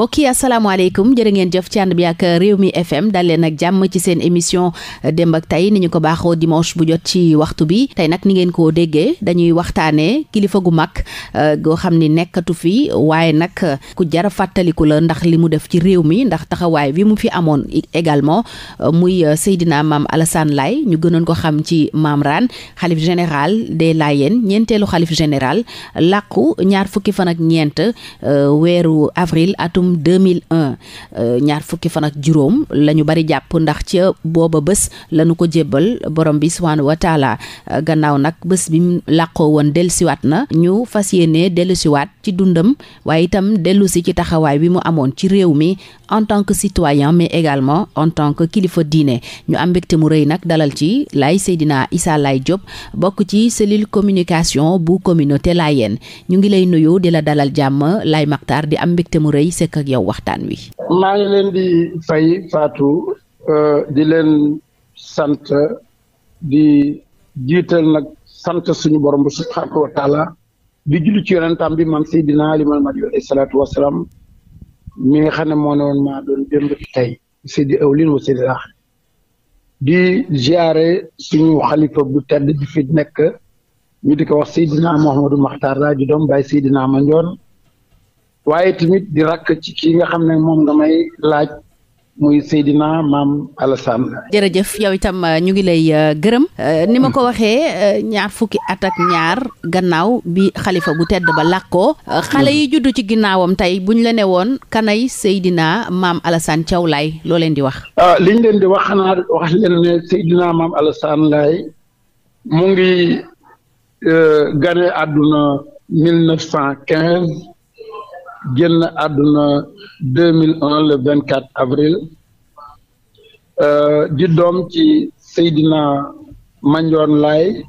mbokk yi asalaamaaleykum jërë ngeen jëf ci ànd bi ak réew mi FM dal leen ak jàmm ci seen émission démb ak tey ni ñu ko baaxoo dimanche bu jot ci waxtu bi tey nag ni ngeen koo déggee dañuy waxtaanee kilifa gu mag euh, goo xam ni nekkatu fi waaye nag ku jara fàttaliku la ndax li mu def ci réew mi ndax taxawaay bi mu fi amoon également euh, muy euh, Seydina Maam Alassane Laye ñu gënoon ko xam ci Maam Raan xalif général des Layènes ñeenteelu xalif général làqu ñaar fukki fan ak ñeent weeru avril atum atum 2001 euh, ñaar fukki fan ak juróom la ñu bari jàpp ndax ca booba bés lañu ko jébbal borom bi subhaanahu wa taala euh, gannaaw nag bés bi mu làqoo woon dellusiwaat na ñu fas yéene dellusiwaat ci dundam waaye itam dellusi ci taxawaay bi mu amoon ci réew mi en tant que citoyen mais également en tant que kilifa diine ñu am mbégte mu rëy nag dalal ci Laye Seydina Issa Laye Diop bokk ci cellule communication bu communauté layène ñu ngi lay nuyu di la dalal jàmm Laye Mactar di ak waxtaan wi. maa ngi leen di fay Fatou euh, di leen sant di jiital nag sant suñu borom bu subhaanahu wa taala di julli ci yonentam bi maam Seydina Limaam Mahdi salaatu wa mi nga xam ne moo ne woon maa doon Awlin wa Seydi Aaxir di ziare suñu xalifa bu tedd di fi nekk ñu di ko wax Seydina Mouhamadou Makhtar Raji doom bàyyi Seydina Mandione waaye tamit di rakk ci kii nga xam ne moom nga damay laaj muy Seydina Maam Alassane. jërëjëf yow itam uh, ñu ngi lay uh, gërëm. Uh, ni ma ko waxee ñaar fukki at ak ñaar gannaaw bi xalifa bu tedd ba làkkoo. xale yi juddu ci ginnaawam tey buñ la ne woon kanay Seydina Maam Alassane Thiaw Laye loo leen di wax. Ah, li ñu leen di wax xanaa wax leen Seydina Maam Alassane Laye mu ngi gane àdduna mille neuf cent quinze. génn àdduna 2001 le 24 avril euh, di doom ci Seydina Mandione Laye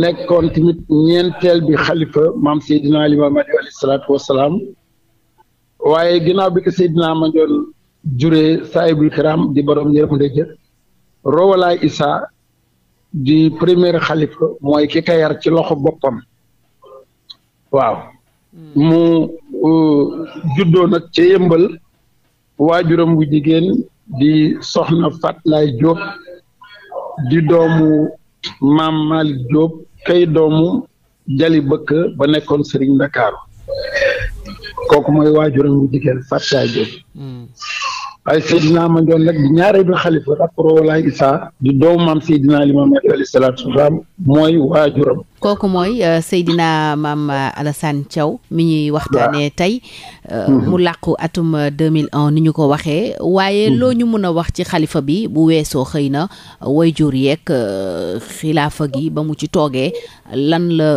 nekkoon tamit ñeenteel bi xalifa maam Seydina Limaamu Laay alayhi salaatu wassalaam waaye ginnaaw bi ko Seydina Mandione juree saahibul kiram di borom yërmande jëf Roowalaay Isaa di premier xalifa mooy ki yar ci loxo boppam waaw mu uh, juddoo nag ca yëmbal waajuram bu jigéen di soxna Fatlaay Jóob di doomu maam Malick Jóob kay doomu Jali Bëkk ba nekkoon Sëriñ Ndakaaru kooku mooy waajuram bu jigéen Fatlaay Jóob waaye hmm. Seydina Mandione nag di ñaareelu xalifa rapport walaay Isaa di doomu maam Seydina Limaamu Laay alayhi salaatu wa salaam mooy waajuram kooku mooy uh, Seydina Maam euh, Alassane caw mi ñuy waxtaanee tey uh, mu làqu atum 2001 euh, ni ñu ko waxee waaye mm-hmm. loo ñu mun a wax ci xalifa bi bu weesoo xëy na euh, way jur yeeg xilaafa gi ba mu ci toogee lan la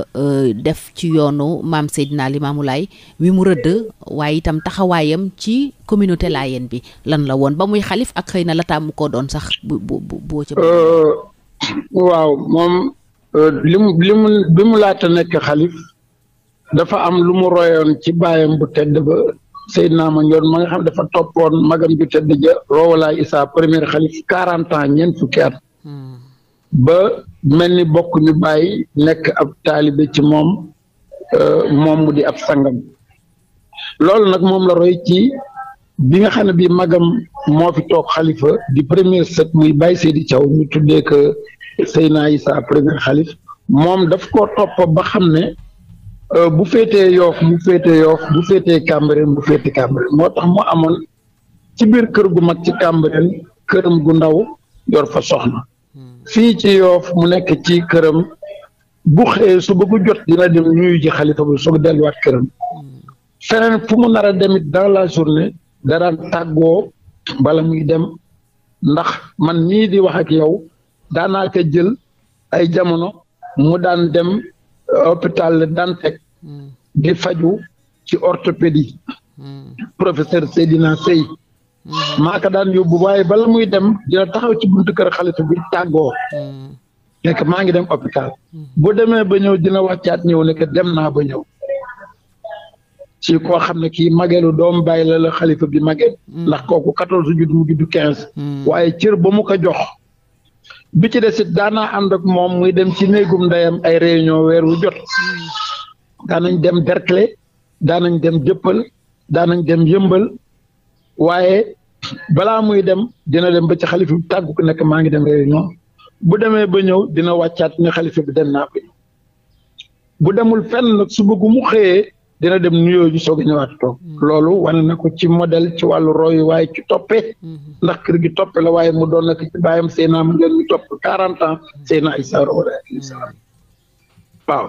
def ci yoonu maam Seydina Limaamu Laay wi mu rëdd waaye itam taxawaayam ci communauté laayeen bi lan la woon ba muy xalif ak xëy na la taamu koo doon sax bu bu boo ca waaw moom Euh, li mu li mu bi mu laata nekk xalif dafa am lu mu royoon ci bayam bu tedd ba Seydina Mandione ma nga xam dafa toppoon magam ju tedd ja Roowalaay Isaa premier xalif quarante ans ñeent fukki at hmm. ba mel ni bokk ñu bàyyi nekk ab taalibe ci moom euh, moom mu di ab sangam loolu nag moom la roy ci bi nga xam ne bi magam moo fi toog xalifa di premier set muy Baye Seydi Thiaw ñu tuddee Seyna Issa premier xalif moom daf ko topp ba xam ne euh, bu féetee yoof mu féetee yoof bu féetee Cambérène bu féetee Cambérène moo tax mu amoon ci biir kër gu mag ci Cambérène këram gu ndaw yor fa soxna fii ci yoof mu nekk ci këram bu xëyee su bëggu jot dina dem ñuyu ji xalifa bi soog delluwaat këram feneen fu mu nar a demit dans la journée da daan tàggoo bala muy dem ndax man nii di wax ak yow daanaa ko jël ay jamono mu daan dem euh, hôpital daan teg hmm. di faju ci orthopédie hmm. professeur Seydina Sey hmm. maa daan yóbbu waaye bala muy dem dina taxaw ci buntu kër xalifa bi tàggoo nekk maa ngi dem hôpital boo demee ba ñëw dina wàccaat ñëw nekk dem naa ba ñëw ci koo xam ne kii magelu doom bàyyi la la xalifa bi magel ndax kooku quatorze judd waaye cër ba mu ko jox bi ci des it daanaa ànd moom muy dem ci néegum ndeyam ay réunion weer wu jot daanañ dem Derklé daanañ dem jëppal daanañ dem yëmbal waaye balaa muy dem dina dem ba ci xalifa bi tàggu ko nekk maa ngi dem réunion bu demee ba ñëw dina wàccaat ne xalifa bi dem naa ko bu demul fen nag suba gu xëyee dina dem nuyoo ji soog a ñëwaat toog mm. loolu wane na ko ci model ci wàllu roy waaye ci toppe mm-hmm. ndax kër gi toppe la waaye mu doon nekk ci bàyyam Seydina mu ngeen ñu topp quarante ans mm-hmm. Seydina Issa Rohou mm-hmm. waaw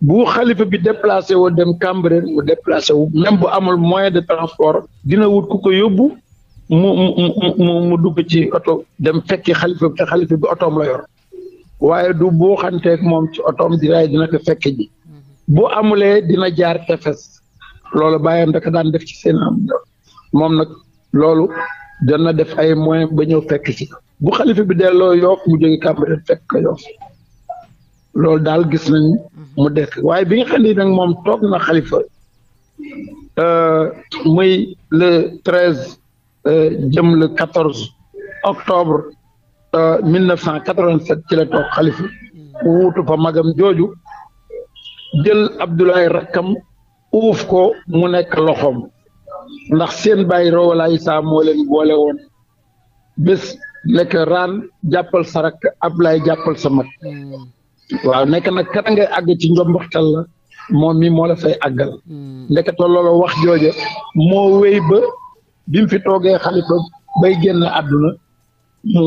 bu xalifa bi déplacé woo dem Cambérène mu déplacé wu même bu amul moyen de transport dina wut ku ko yóbbu mu mu mu dugg ci oto dem fekki xalifa bi te xalifa bi yor waaye du boo xanteek moom ci otoom di raay dina ko fekke ji bu amulee dina jaar tefes loolu bàyyam da ko daan def ci seen moom nag loolu doon na def ay moyens ba ñëw fekk ci bu xalifa bi delloo yoof mu jóge Cambérène fekk ko yoof loolu daal gis nañu mu dekk waaye bi nga nag moom toog na xalifa euh, muy le treize euh, jëm le quatorze octobre euh, mille neuf cent quatre-vingt-sept ci toog xalifa wutu fa magam jooju jël Abdoulaye rakkam uuf ko mu nekk loxom ndax seen bàyyi roowalaay lay moo leen boole woon bés nekk raan jàppal sa rakk Ablaay jàppal sa mag waaw nekk na kan nga àgg ci njomboxtal la moom mi moo la fay àggal hmm. ndeketoo loola wax jooja moo wéy ba bi mu fi toogee xalifa bay génn àdduna mu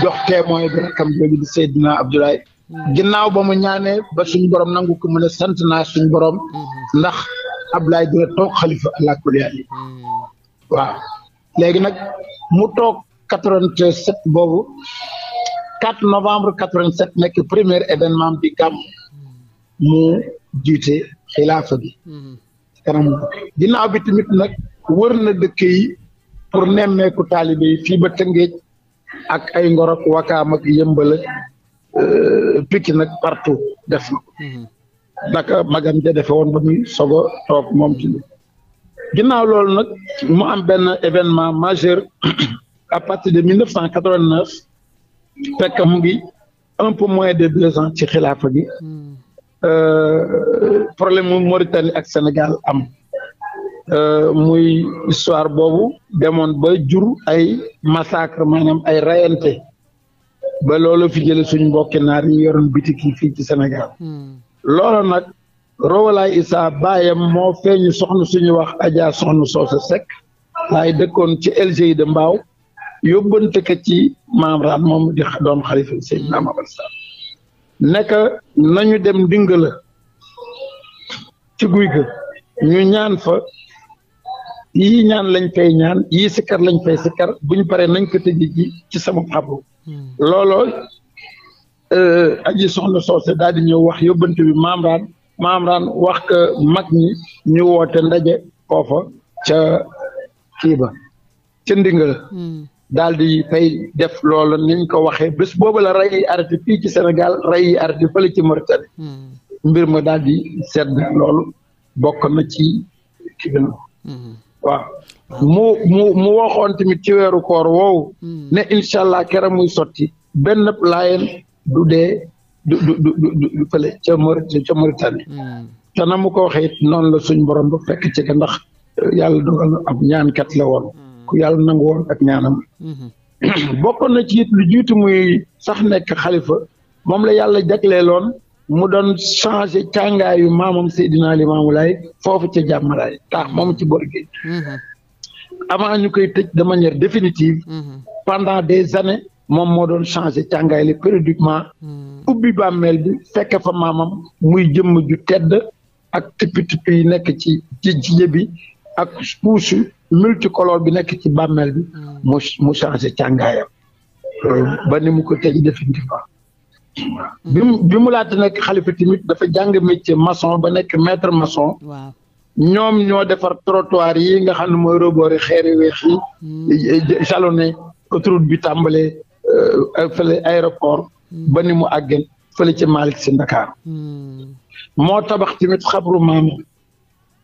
jox témoin bi rakkam jooju di Seydina Abdoulaye ginnaaw ba mu ñaanee ba suñ borom nangu ko mu ne sant naa suñ borom mm-hmm. ndax Ablaye dina toog xalifa àla kuliyali mm-hmm. waaw léegi nag mu toog quatre-vingt-sept boobu 4 novembre 87 nekk premier événement bi gàmm mm-hmm. mu jiite xilaafa bi ginnaaw bi nag wër na dëkk yi pour nemmeeku taalibe yi fii ba Tëngéej ak ay Ngor ak Wakaam ak Euh, Pikine nag partout def na mhm. naka magam ja defe woon ba muy sogo toog moom ci ginnaaw loolu nag mu am benn événement majeur à partir de 1989 fekk mu ngi un peu moins de deux ans ci xilaafa gi mhm. euh, problème mu Mauritanie ak Sénégal am euh, muy histoire boobu demoon ba jur ay massacre maanaam ay rayante ba loolu fi jële suñ mbokki naar yi yoroon bitik yi fii ci Sénégal hmm. loolu nag Rowalaay Issa baayam moo feeñu soxna suñu wax Adja soxna Soose Seck waaye dëkkoon ci LG de Mbaaw yóbbante ko ci maam raat moom di doon xalifa sëñ hmm. Maam nañu dem Ndingala ci guy ga ñu ñaan fa yii ñaan lañ fay ñaan yii sikkar lañ fay sikkar buñ paree nañ ko tëjee ji ci sama xabru Hmm. looloo eh, aji soxna soose daal di ñëw wax yóbbante bi maamraan maamraan wax que mag ñi ñu woote ndaje foofa ca kii ba ca ndingal hmm. daal fay def loolu niñ ko waxee bés boobu la rey fii ci Sénégal rey a arrêté fële ci Mauritanie hmm. mbir ma daal di sedd loolu bokk na ci kii waaw mu mu mu waxoon tamit ci weeru koor woowu ne incha allah kera muy sotti benn laayeen du dee du du du du fële ca Mauritanie ca Mauritanie hmm. te na mu ko waxee it noonu la suñ borom ba fekk ci ka ndax eh, yàlla dogal na ab ñaankat la woon hmm. ku yàlla nangu woon ak ñaanam hmm. bokkoon na ci it muy sax nekk xalifa moom la yàlla jagleeloon mu doon changé càngaayu maamam Seydina Limaamu Laay foofu ca jàmmalaay taa moom ci bor gi mhm. avant ñu koy tëj de manière définitive mhm. pendant des années moom moo doon changé càngaay li périodiquement mhm. ubbi bàmmeel bi fekk fa maamam muy jëmm ju tedd ak tippi tippi yi nekk ci ci bi ak couche multicolore bi nekk ci bàmmeel bi mu mu changé càngaayam ba mu ko tëj définitivement bi mu bi mu laata nekk xalifa tamit dafa jàng métier maçon ba nekk maître maçon. waaw ñoom ñoo defar trottoir yi nga xam ne mooy rebori xeeri weex yi. jalonné hmm. bi tàmbalee euh, fële aéroport. Hmm. ba ni mu àggeen fële ci Malick si Ndakaar. Hmm. moo tabax tamit xabru maama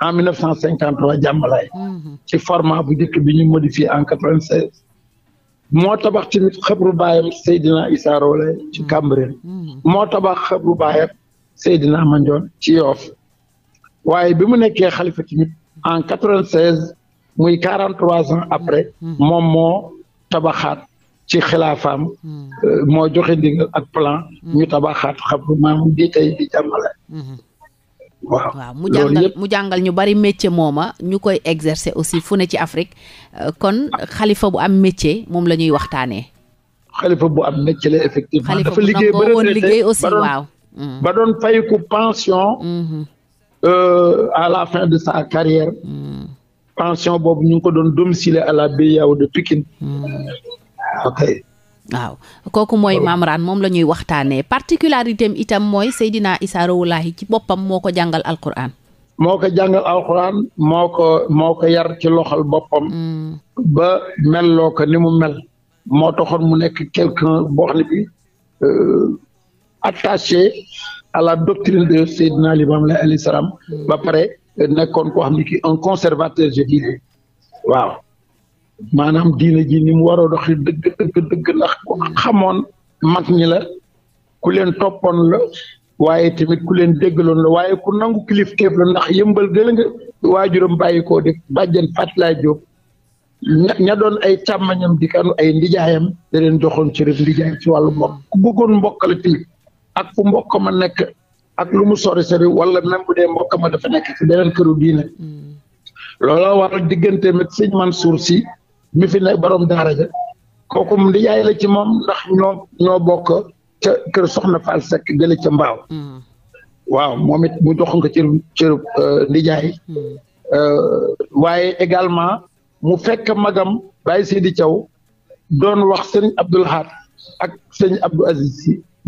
en 1953 jàmbalaay. ci format bu njëkk bi ñu modifié en 96. moo tabax tamit xabru baayam Seydina Issa Roolay ci mm. Cambérène mm. moo tabax xabru baayam Seydina Mandione ci Yoff waaye bi mu nekkee xalifa tamit en quatre-vingt-seize muy quarante trois ans après mm. moom moo tabaxaat ci xilaafam euh, moo joxe ndigal ak plan ñu tabaxaat xabru maam di tey di jàmmale mm-hmm. waaw waaw mu jàngal mu jàngal ñu bari métier mooma ñu koy exercer aussi fu ne ci Afrique euh, kon xalifa bu am métier moom la ñuy waxtaanee. xalifa bu am métier la effectivement. dafa liggéey ba doon mm. fay ku pension. Mm-hmm. Euh, à la fin de sa carrière. Mm. pension boobu ñu ngi ko doon domicilier à la BIAO de Pikine. Mm. ok waaw kooku mooy Mamraan moom la ñuy waxtaanee particularitéem itam mooy Seydina Isa Rawulahi ci boppam moo ko jàngal alquran. moo ko jàngal moo ko moo ko yar ci loxol boppam. Mm. ba melloo ko ni mu mel. moo taxoon mu nekk quelqu'un boo xam ne bi euh, attaché à la doctrine de Seydina Limaamu Laay alayhi mm. ba pare nekkoon ko xam ne ki un conservateur je dirais waaw. maanaam diina ji ni mu war a doxi dëgg dëgg dëgg ndax xamoon mag ñi la ku leen toppoon la waaye tamit ku leen déggaloon la waaye ku nangu kilifteef la ndax yëmbal gëla nga waajuram bàyyi koo def bàjjan Fatla Diop ña doon ay càmmañam di kanu ay ndijaayam da joxoon ci rek ci wàllu mbokk ku bëggoon mbokk la tamit ak fu mbokk ma nekk ak lu mu sori sori wala même bu mbokk ma dafa nekk ci beneen këru diina mm. looloo waral diggante si mi fi ne borom daara ja kooku mu di la ci moom ndax ñoo ñoo bokk ca kër soxna Fall Seck gële ca mbaaw hmm. waaw moom it mu jox ko cër cër euh, ndijaay hmm. euh, waaye également mu fekk magam Baye Sidi caw doon wax sëñ Abdoul Ahad ak sëñ Abdou Aziz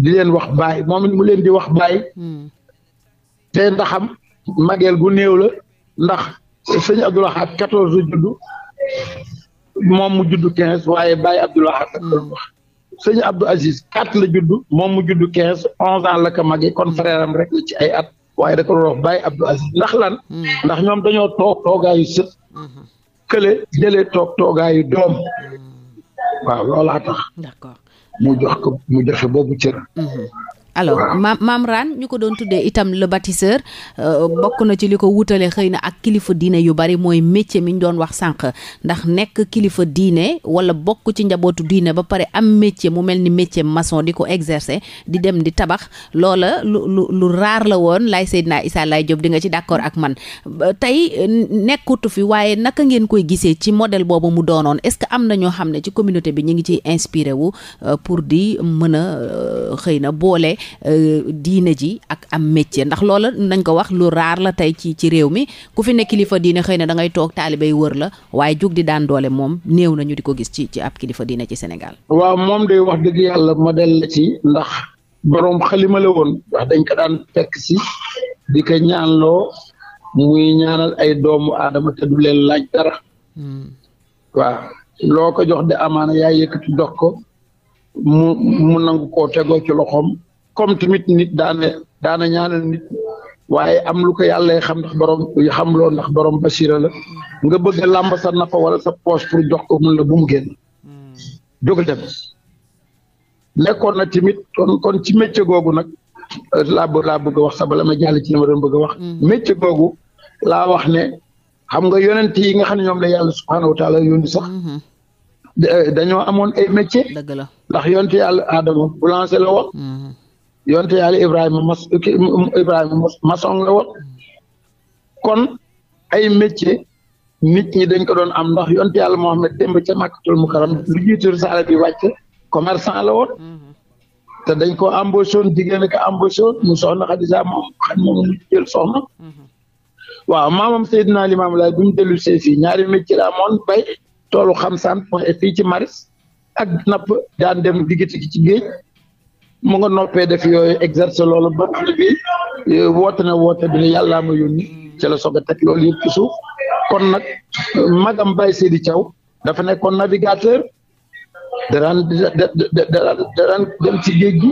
di leen wax baay moom it mu leen di wax baay hmm. te ndaxam mageel gu néew la ndax sëñ Abdoul Ahad quatorze juddu moom mu judd quinze waaye Baye Abdou Lahad la doon wax quatre la judd moom mu judd quinze onze ans la ko màggee kon frère am rek la ci ay at waaye da ko doon wax Baye ndax lan hmm. ndax ñoom dañoo toog toogaayu sët hmm. kële jëlee toog toogaayu doom hmm. waaw loolaa tax mu jox ko mu joxe boobu cër alors maam maam Rane ñu ko doon tuddee itam le bâtisseur euh, bokk na ci li ko wutale xëy na ak kilifa diine yu bari mooy métier mi ñu doon wax sànq ndax nekk kilifa diine wala bokk ci njabootu diine ba pare am métier mu mel ni métier maçon di ko exercer di dem di tabax loola lu lu lu raar la woon lay Seydina naa Laye Diop di nga ci d'accord ak man tey nekkutu fi waaye naka ngeen koy gisee ci modèle boobu mu doonoon est-ce que am na ñoo xam ne ci communauté bi ñu ngi ciy inspiré wu euh, pour di mën a euh, xëy na boole Euh, diine ji ak am métier ndax loola nañ ko wax lu raar la tey ci ci réew mi ku fi ne kilifa diine xëy na da ngay toog taalibay wër la waaye jóg di daan doole moom néew nañu di ko gis ci ci ab kilifa diine ci Sénégal. waaw moom day wax dëgg yàlla modèle la ci ndax boroom xalima la woon wax dañ ko daan fekk ci di ko ñaanloo muy ñaanal ay doomu aadama te du leen laaj dara. Hmm. waaw loo ko jox de amaana yaa yëkkati dox ko mu nangu ko tegoo ci loxoom comme tamit nit daana daana ñaanal nit waaye am lu ko yàlla xam ndax borom xam loo ndax borom basira la nga bëgg a sa nafa wala sa poche pour jox ko mun la bu mu génn hmm. jógal dem nekkoon na tamit kon ci métier googu nag euh, laa laa bëgg wax sax bala ma ci li ma doon bëgg wax. Hmm. métier googu laa wax ne xam nga yonent yi nga xam ne ñoom la yàlla subhaanahu wa taala sax. Hmm. dañoo amoon ay métier. dëgg ndax yonent yàlla Adama bu la woon. yonte yàlla Ibrahima mas Ibrahima la woon kon ay métier nit ñi dañ ko doon am ndax yonte yàlla Mohamed démb ca Makkatul Mukarram lu jiitu risaala bi wàcc commerçant la woon mm-hmm. te dañ ko embauché woon jigéen ak embauché woon mu soxna Xadija moom xam moom mu jël soxna mm-hmm. waaw maamam Seydina Limaamu Laay bi mu dellu see fii ñaari métier la amoon bay toolu xam sant fii ci maris ak napp daan dem diggante gi ci géej mu nga noppee def yooyu exercer loolu ba xam ne euh, woote na woote bi ne yàllaa ma yónni ci la soog a teg suuf kon nag magam Baye Seydi Thiaw dafa nekkoon navigateur daraan daraan dem ci géej gi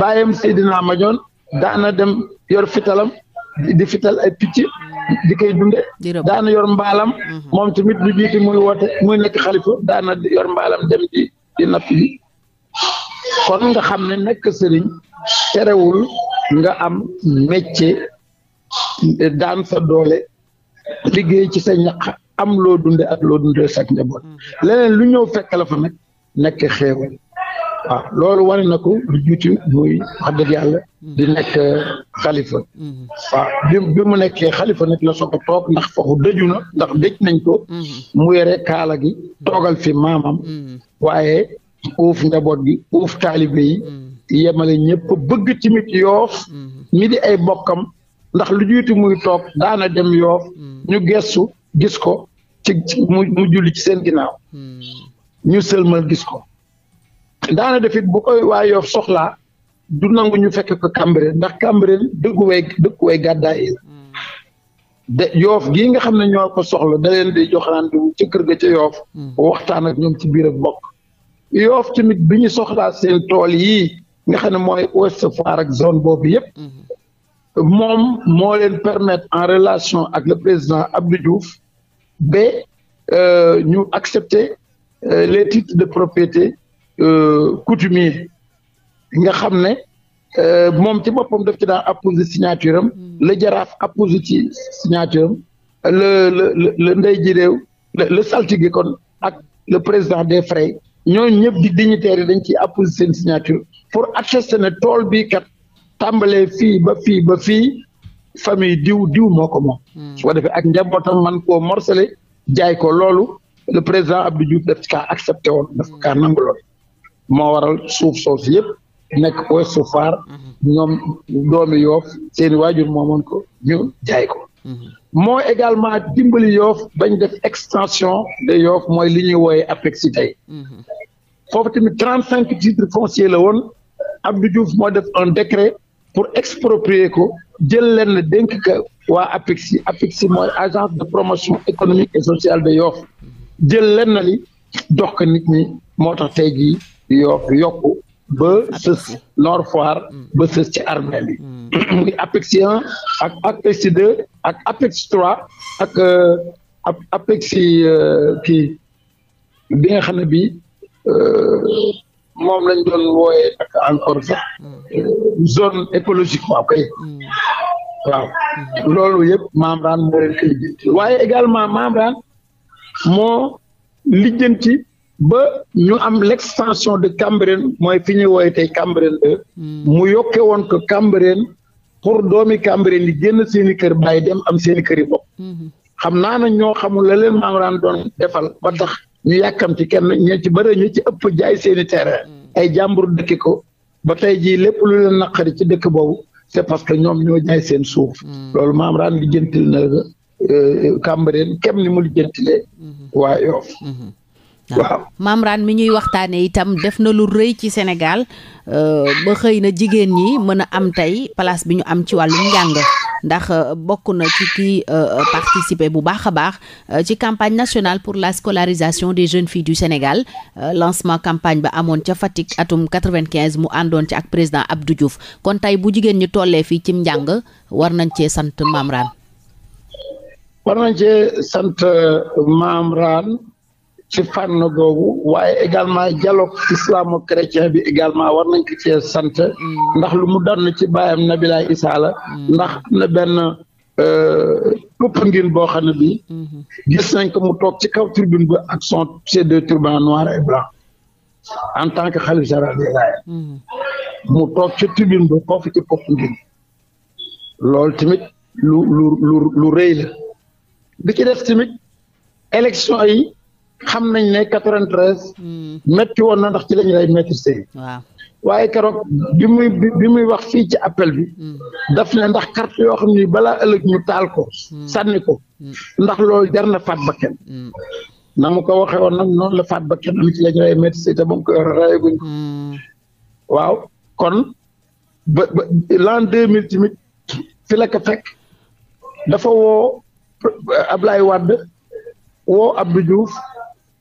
bàyyam Seydina Mañoon daana dem yor fitalam di fital ay picc di koy dunde daana yor mbaalam mhm. moom tamit du jiiti muy woote muy nekk xalifa daana yor mbaalam dem di di kon nga xam ne nekk sëriñ terewul nga am métier daan sa doole liggéey ci sa ñaq am loo dunde ak loo dunde sak njaboot mm-hmm. leneen lu ñëw fekk la fa nag nekk xéewal waaw loolu wane na ko lu juuti muy wax dëgg yàlla di mm-hmm. nekk xalifa mm-hmm. waaw bi mu nekkee xalifa nag la soog toog ndax foofu dëju na ndax dëj nañ ko mu yore kaala gi toogal fi maamam waaye uuf njaboot gi uuf taalibe yi mm. yemale ñëpp bëgg timit yoof mm-hmm. mi di ay bokkam ndax lu jiitu muy toog daana dem yoof mm. ñu gestu gis ko ci mu julli ci seen ginnaaw mm. ñu sëlmal gis ko daana defit bu koy waa yoof soxlaa du nangu ñu fekk ko Cambérène ndax Cambérène dëkkuway dëkkuway gàddaay la de yoof gii nga xam ne ñoo ko soxla da di jox ci kër ga ca yoof waxtaan ak ñoom ci biir bokk yoof tamit bi ñu soxlaa seen tool yii nga xam ne mooy Ouest Foire ak zone boobu yëpp moom moo leen permettre en relation ak le président Abdou Diouf ba euh, ñu accepter euh, les titres de propriété euh, coutumiers nga xam ne moom ci boppam daf ci daan apposé signature am le jaraaf apposé ci signature le le le ndey ji le saltigi kon ak le président des frais ñooñ ñëpp di dignitaires yi dañ ciy apposé seen signature pour attester ne tool bii kat tàmbalee fii ba fii ba fi famille diw diw moo ko moom. Hmm. su ko defee ak njabootam man koo morcelé jaay ko loolu le président Abdou Diouf daf ka kaa accepté woon daf kaa hmm. nangu lool moo waral suuf soosu yëpp nekk Ouest Foire hmm. ñoom doomi Yoff seeni waajur moomoon ko ñu jaay ko. moo également dimbali yoof bañ def extension de yoof mooy li ñuy wooyee APEX si tey mhm. foofu tamit trente cinq titres fonciers la woon Abdou Diouf moo def un décret pour exproprier ko jël leen dénk ka waa APEX APEX mooy agence de promotion économique et sociale de yoof mhm. jël leen li dox ko nit ñi moo tax tey jii yoof yokku ba sës Nord ba sës ci armée bi mm. muy APEX 1 ak APEX 2 ak APEX 3 ak euh, euh, kii bi nga xam ne bii euh, moom lañ doon wooyee ak encore sax mm. zone écologique waaw kay mm. waaw loolu yëpp Membrane moo leen koy jënd également Membrane moo lijjanti. ba ñu am l'extension de Cambérène mooy fi ñuy woowee tey Cambérène hmm. mu yokke woon ko Cambérène pour doomi Cambérène yi génn seen i kër bàyyi dem am seen i kër yi hmm. xam naa na ñoo xamul la leen maa doon defal ba tax ñu yàkkam kenn ña ci bëri ñu ci ëpp jaay seen tere terrain hmm. ay jàmbur dëkki ko ba tey jii lépp lu leen naqari ci dëkk boobu c'est parce que ñoom ñoo jaay seen suuf loolu maam raan lijjantil na euh, Cambérène kem ni mu lijjantilee waa waaw Mamrane mi ñuy waxtaanee itam def na lu rëy ci Sénégal euh, ba xëy na jigéen ñi mën a am tey place bi ñu am ci wàllum njàng ndax euh, bokk na ci kii euh, participer bu baax a baax ci campagne nationale pour la scolarisation des jeunes fii du Sénégal lancement campagne ba amoon ca Fatick atum 95 mu àndoon ci ak président Abdou Diouf kon tey bu jigéen ñi tollee fii ci njàng war nañ cee sant Mamrane. war ci fànn googu waaye également dialogue islamo-chrétien bi également war nañ ko cee mm. ndax lu mu donn ci baayam na Issa la mm. ndax na benn euh, ëpp ngin boo xam ne bi mm-hmm. gis nañ mu toog ci kaw tribune ba ak son ces deux turbans noir et blanc en tant que xalif général des Layènes mm-hmm. mu toog ci tribune ba foofu ci ëpp ngin loolu tamit lu lu lu lu rëy ci def tamit élection yi xam nañ ne 93. Hmm. métti woon na ndax ci lañ lay maîtriser. waaw waaye keroog bi muy bi muy wax fii ci appel bi. Hmm. daf ne ndax carte yoo xam ni balaa ëllëg ñu taal ko. Hmm. sànni ko ndax lool jar na faat bakkan. na mu ko waxee woon nag noonu la faat bakkan am ci lañ lay maîtriser te ba mu ko yore rayaguñ ko. waaw kon ba ba l'an 2000 tamit fi la fekk dafa woo Ablaye Wade woo Abdou Diouf.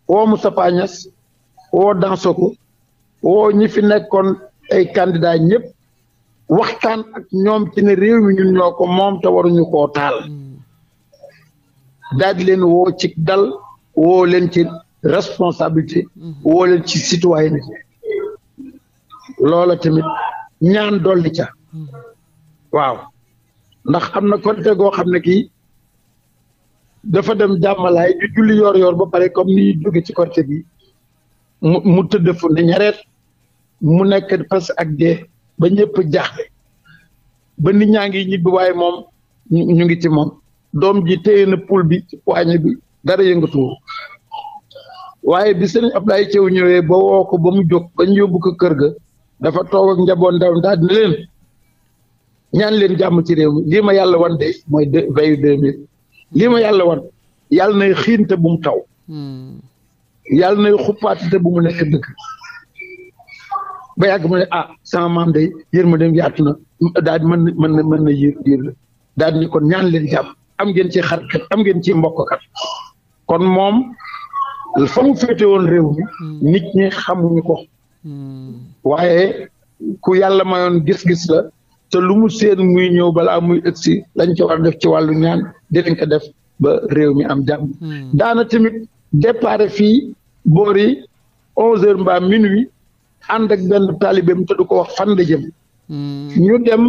woo Moustapha Niass woo Dansoko wo ñi fi nekkoon ay candidat ñëpp waxtaan ak ñoom ci ne réew mi ñun ñoo moom te waruñu ko taal daaj leen woo ci dal woo leen ci responsabilité woo leen ci citoyenneté loola tamit ñaan dolli ca waaw ndax am na côté goo xam ne kii dafa dem jàmmalaay ñu julli yor-yor ba pare comme ni ñuy jóge ci corté bi mu mu tëdd fu ne ñareet mu nekk presque ak dee ba ñëpp jaaxle ba nit ñaa ngi ñibbi waaye moom ñu ngi ci moom doom ji téye na poul bi ci poignée bi dara yëngatuwul waaye bi sëriñ Ablaye Thiaw ñëwee ba woo ko ba mu jóg ba ñu yóbbu ko kër ga dafa toog ak njaboot ndaw daal ne leen ñaan leen jàmm ci réew mi ma yàlla wan mooy deux veille lii ma yàlla wan yàll nay xiinte bu mu taw hmm. yàll na xuppaate te bu mu nekk dëkk ba yàgg ma ne a ah, sama maam day yéen ma dem yaatu na daal di mën na mën na mën na yéer daal di kon ñaan leen jàmm am ngeen ci xarkat am ngeen ci mbokk mbokkkat kon moom fa mu féete woon réew mi hmm. nit ñi xamuñu ko hmm. waaye ku yàlla mayoon gis-gis la te lu mu seen muy ñëw balaa muy ëgsi lañ ci war a def ci wàllu ñaan dinañ ko def ba réew mi am jàmm. Hmm. daana tamit départ fii boori onze heures mbaa minuit ànd ak benn taalibeem te du ko wax fan la jëm. Hmm. ñu dem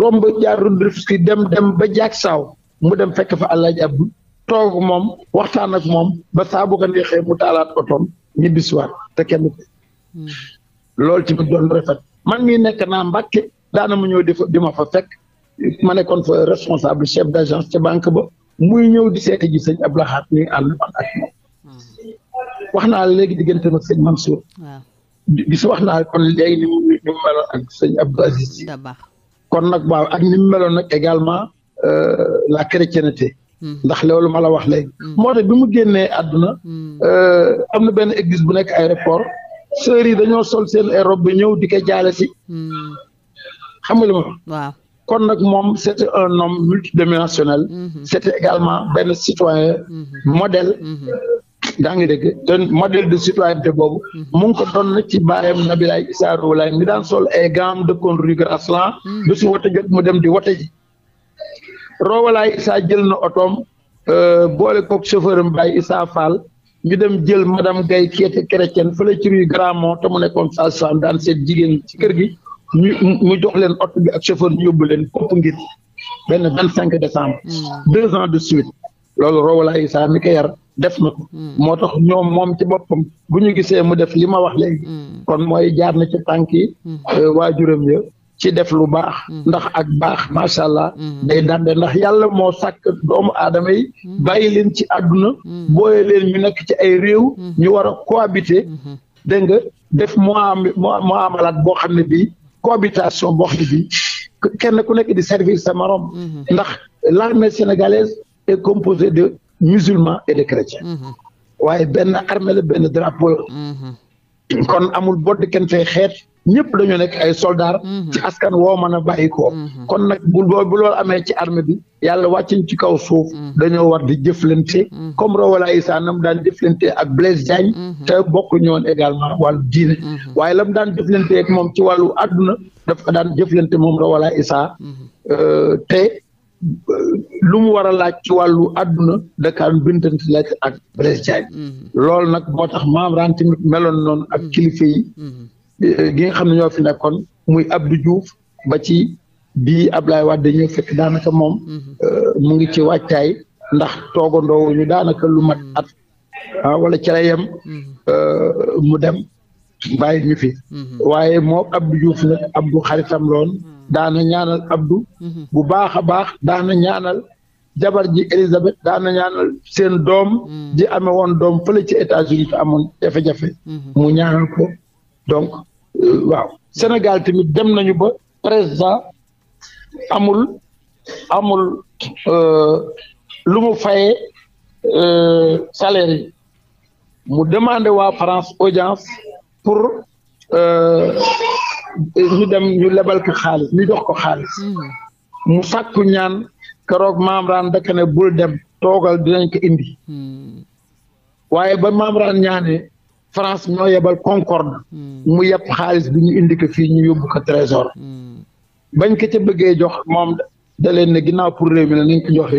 romb jaar Rufisque dem dem ba jaag saaw mu dem fekk fa Alaaji Abdu toog moom waxtaan ak moom ba saa bu ko neexee mu taalaat otoom ñibbisiwaat te kenn. Hmm. loolu tamit doon rafet man mii nekk naa Mbàkke daana mu ñëw di fa di ma fa fekk ma nekkoon fa responsable chef d' agence ca banque bo muy ñëw di seeti ji sëñ ab Lahad ñuy ànd ak hmm. wax naa la léegi digganteem ak sëñ Mansour. gis wax naa kon léegi ni mu ak sëñ Abdou Aziz Sy kon nag waaw ak ni mu meloon nag également euh, la chrétienté hmm. ndax loolu ma la wax léegi. Hmm. moo tax bi mu génnee àdduna. Euh, am na benn église bu nekk aéroport sœurs yi dañoo sol seen ay robe ñëw di ko jaale si. xam nga lu ma kon nag moom c' était un homme multidimensionnel. Mm-hmm. c' était également benn citoyen. Mm-hmm. modèle. daa mm-hmm. ngi dégg te modèle de citoyenneté boobu mu ngi ko doon na ci baayam Nabilaay Issa Rouhou Laye mi daan sol ay gants dëkkoon rue Grasland bésu wote jot mu dem di wote ji Roowalaay Issa jël na otoom euh, boole koog chauffeur am Baye Issa Fall ñu dem jël madame Gaye qui était ci rue mu nekkoon sage-femme daan seet jigéen ci kër gi mu ñu jox leen oto bi ak chauffeur ñu yóbbu leen kopp ngir benn vingt cinq décembre mm. deux ans de suite loolu Rawlaye Issa mi ko yar def na mm. moo tax ñoom moom ci boppam bu ñu gisee mu def li ma wax léegi mm. kon mooy jaar na ci tànk yi euh, waajuram ya ci def lu baax ndax ak baax macha allah day dande ndax yàlla moo sàkk doomu aadama yi bàyyi leen ci àdduna booye mi ñu nekk ci ay réew ñu war a cohabiter mm-hmm. dégg nga def mu am mu amalaat boo xam ne bii cohabitation boo xam ne kenn ku nekk di servir sa morom. Mhm. ndax l'armée sénégalaise est composée de musulmans et de chrétiens. Mhm. waaye benn armée la benn drapeau. Mhm. kon amul bodd kenn fay xeet. ñépp dañoo nekk ay soldats. Mhm. ci askan woo mën a bàyyi mhm. kon nag bu bu lool amee ci armée bi yàlla wàcciñ ci kaw suuf. Mhm. dañoo war di jëflante. comme Rawala Issa nam daan jëflante ak Blaise Diagne. te bokk ñoon également wàllu diine. waaye lam daan jëflante moom ci wàllu àdduna daf daan jëflante moom Rawala Issa euh, te. lu mu war a laaj ci wàllu àdduna dakaan bintanti laaj ak Blaise Diagne loolu nag moo tax maam ren tamit meloon noonu ak kilifa gi nga xam ne ñoo fi nekkoon muy Abdou juuf ba ci bii Ablaye Wade ñëw fekk daanaka moom euh, mu ngi ci wàccaay ndax toogandoo ñu daanaka lu mat mm. at ah, wala ci la mm. euh, mu dem bàyyi ñu fi mm-hmm. waaye moo Abdou juuf nag Abdou xaritam loon mm. daana ñaanal Abdou mm-hmm. bu baax a baax daana ñaanal jabar ji Elizabeth daana ñaanal seen doom ji amee woon doom fële ci États-Unis te amoon jafe-jafe mm-hmm. mu ñaanal ko donc euh, waaw Sénégal tamit dem nañu ba président amul amul euh, lu mu fayee euh, salaire yi mu demandé waa France audience pour ñu dem ñu lebal ko xaalis ñu jox ko xaalis hmm. mu sàkku ñaan keroog membran daka ne bul dem toogal dinañ ko indi hmm. waaye ba Mamran ñaanee France ñoo yebal Concorde hmm. mu yeb xaalis bi ñu indi ko fii ñu yóbbu ko trésor hmm. bañ ko ca bëggee jox moom da leen ne ginnaaw pour réew mi la nañ ko jox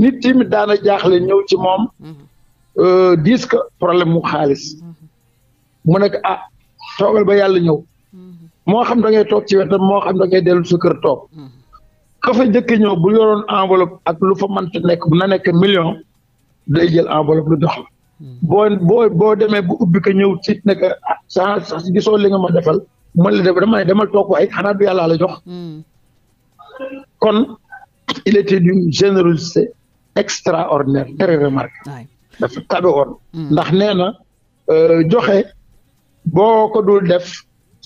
nit tamit daana jaaxle ñëw ci moom hmm. euh, diis ko problème mu xaalis mu nekk ah toogal ba yàlla ñëw moo xam da ngay toog ci wetam moo xam da ngay dellu sa kër toog ka fa njëkk ñëw bu yoroon enveloppe ak lu fa mënti nekk na nekk million day jël enveloppe lu jox boo boo boo demee bu ubbi ko ñëw ci nekk ah, sa sa gisoo li nga ma defal man la def dama ne demal toog waay xanaa du yàlla la jox. Hmm. kon il était d'une générosité extraordinaire très remarquable. dafa tabe woon. Hmm. ndax nee na euh, joxe boo ko dul def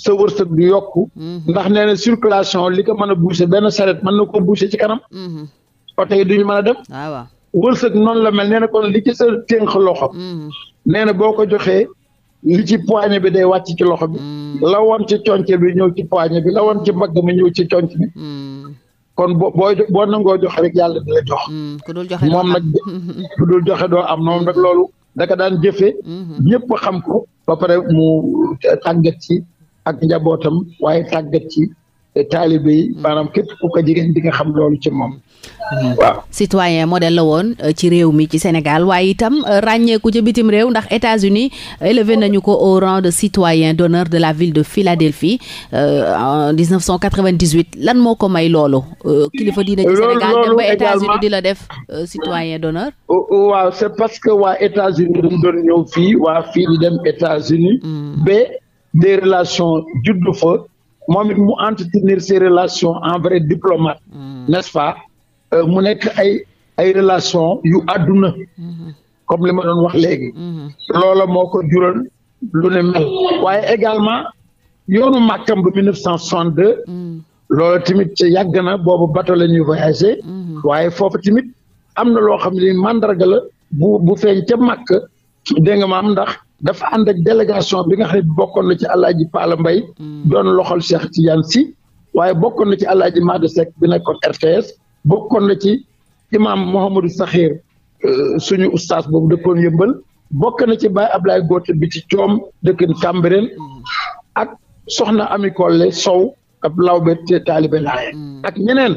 sa wërsëg du yokk. Hmm. ndax nee na circulation li ko mën a boucher benn charrette mën na ko boucher ci kanam. oto yi duñu mën a dem. wërsëg noonu la mel nee na kon li ci sa loxo mm. nee na boo ko joxee li ci poignée bi day wàcc ci loxo bi mm. la woon ci conce bi ñëw ci poignée bi la woon ci mbagg mi ñëw ci conc bi mm. kon boo boo boo nangoo joxe rek yàlla di la jox moom nag ku joxe doo am moom nag loolu daka daan jëfee mm-hmm. ñëpp xam ko ba pare mu tàggat ci ak njabootam waaye tàggat ci taalibe yi maanaam képp ku ko jigéen di nga xam loolu ci moom Mhm. waaw citoyen modèle la woon euh, ci réew mi ci Sénégal waaye itam euh, ràññeeku ca bitim réew ndax États-Unis euh, élevé nañu ko au rang de citoyen d'honneur de la ville de Philadelphie en 1998 lan moo ko may loolu kilifa diine ci Sénégal dem ba États-Unis di la def citoyen d'honneur oh, oh, waaw c'est parce que waa États-Unis dañ ñëw fii waa fii di dem États-Unis mm. ba des relations juddu fa moom it entretenir ces relations en vrai mm. nest pas Euh, mu nekk ay ay relation yu àdduna comme li ma doon wax léegi loola moo ko jural lu ne mel waaye également yoonu màkkam ba mille neuf cent soixante deux loola tamit yàgg na boobu bato la ñuy voyagé waaye foofu tamit am na loo xam ne mandarga la bu feeñ ca màkk dégg nga maam ndax dafa ànd ak délégation bi nga xam ne bokkoon na ci alaaji Paala Mbay mm. doon loxol ci Tidiane si waaye bokkoon na ci alaaji Maada Seck bi nekkoon RTS bokkoon na ci imam Mouhamadou Sakhir euh, suñu ustaas boobu dëkkoon yëmbal bokk na ci Baye Ablaye Gote bi ci coom dëkkin Cambérène ak soxna Ami Kolle Sow ab lawbe te taalibe laaye mm. ak ñeneen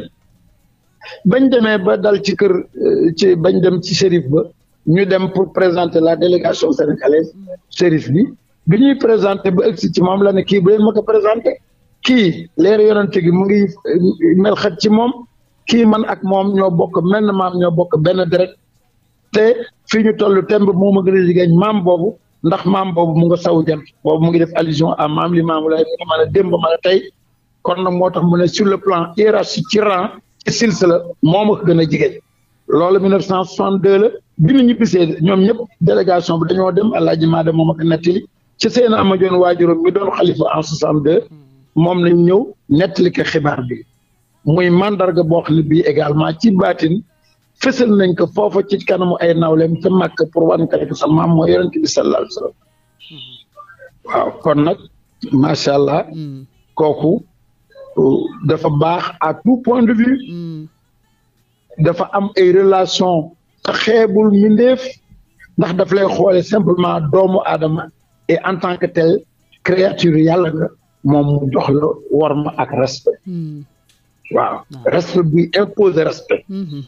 bañ demee ba dal ci kër euh, ci bañ dem ci shérif ba ñu dem pour présenter la délégation sénégalaise mm. shérif bi bi ñuy présenter ba egsi ci moom la ne kii bu leen ma présenter kii leer yonante gi mu ngi euh, mel xat ci moom kii man ak moom ñoo bokk menn maam ñoo bokk benn deret te fii ñu toll temb moo ma gën a jigéen maam boobu ndax maam boobu mu nga saw jant boobu mu ngi def allusion à maam li maamu laay nga mën a démb mën a tey kon nag moo tax mu ne sur le plan hiérarchique ci rang ci silsila moo ma gën a jigéen loolu 1962 la bi ñu ñibbisee ñoom ñëpp délégation bi dañoo dem Alaaji Maade moom ak nettali ci seen amajoon waajuram mi doon xalifa en 62 moom lañ ñëw nettali ko xibaar bi muy mandarga boo xam ne bii également ci baatin fësal nañ ko foofa ci kanamu ay nawleem ca màkk pour wan ko rek sa maam mooy yonent bi sallallahu alayhi wa sallam kon nag macha allah kooku dafa baax à point de vue dafa am ay relation xeebul mindeef ndax daf lay xoole simplement doomu aadama et en tant que tel créature yàlla nga moom mu jox la ma ak respect waaw ah. respect buy imposer respect mm-hmm.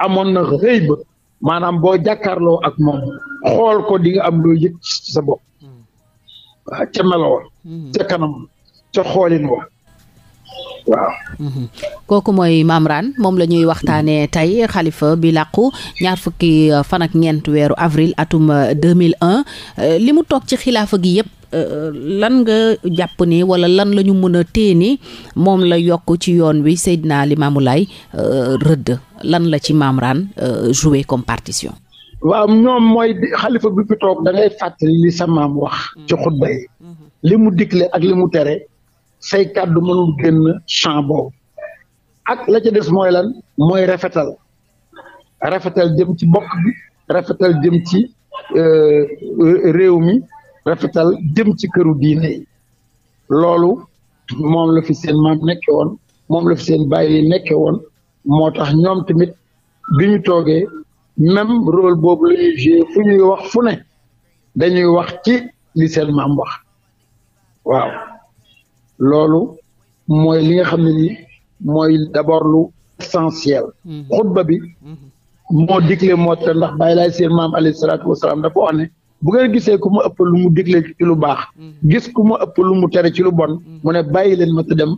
amoon na xëy ba maanaam boo jàkkaarloo ak moom xool ko di nga am loo yëg sa bopp mm. ah, ca melowa mm-hmm. ca kanam ca xoolin wa waaw. Mm-hmm. kooku mooy Mame moom la ñuy waxtaanee tey xalifa bi làqu ñaar fukki uh, fan ak ñeent weeru avril atum 2001 uh, uh, li mu toog ci xilaafa gi yëpp Euh, lan nga jàpp ni wala lan la ñu mën a téye ni moom la yokk ci yoon wi Seydina Limaamu Laay euh, rëdd lan la ci Mamran euh, jouer comme partition. waaw ñoom mooy xalifa bi fi toog da li sa maam wax. ci xutba yi li mu digle ak li mu tere say kàddu mënul génn champ boobu ak la ca des mooy lan mooy rafetal rafetal jëm ci bokk bi rafetal jëm ci réew mi. rafetal dem ci këru diine loolu moom la fi seen maam nekke woon moom la fi seen baay yi nekke woon moo tax ñoom tamit bi ñu toogee même rôle boobu la ñuy fu ñuy wax fu ne dañuy wax ci li seen maam wax waaw loolu mooy li nga xam ne ni mooy d'abord lu essentiel mhm. xutba bi mhm. moo digle moo te ndax bàyyi laay seen maam alayhi salaatu wasalaam dafa wax ne bu ngeen gisee ku ma ëpp lu mu digle ci lu baax mm-hmm. gis ku ma ëpp lu mu tere ci lu bon mm-hmm. mu ne bàyyi leen ma te dem